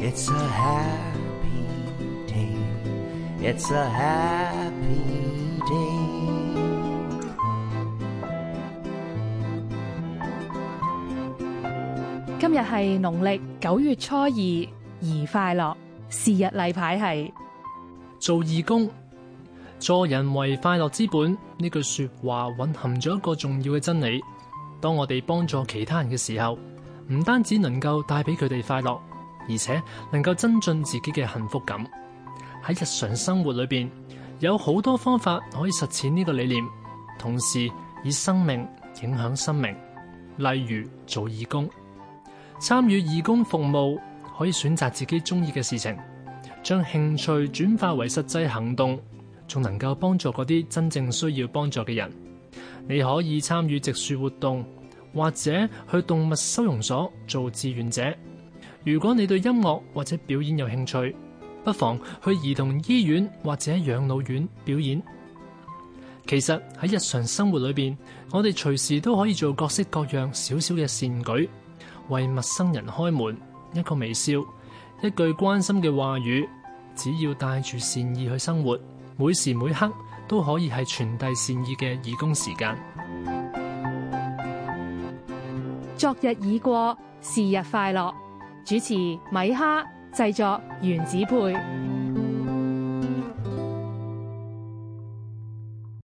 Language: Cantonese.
It's a happy day. It's a happy day. 今日係農曆九月初二，而快樂，是日例牌係做義工，助人為快樂之本。呢句說話蘊含咗一個重要嘅真理。當我哋幫助其他人嘅時候，唔單止能夠帶俾佢哋快樂。而且能夠增進自己嘅幸福感。喺日常生活裏邊，有好多方法可以實踐呢個理念，同時以生命影響生命。例如做義工，參與義工服務可以選擇自己中意嘅事情，將興趣轉化為實際行動，仲能夠幫助嗰啲真正需要幫助嘅人。你可以參與植樹活動，或者去動物收容所做志願者。如果你對音樂或者表演有興趣，不妨去兒童醫院或者養老院表演。其實喺日常生活裏邊，我哋隨時都可以做各式各樣小小嘅善舉，為陌生人開門，一個微笑，一句關心嘅話語，只要帶住善意去生活，每時每刻都可以係傳遞善意嘅義工時間。昨日已過，是日快樂。主持米哈，製作原子配。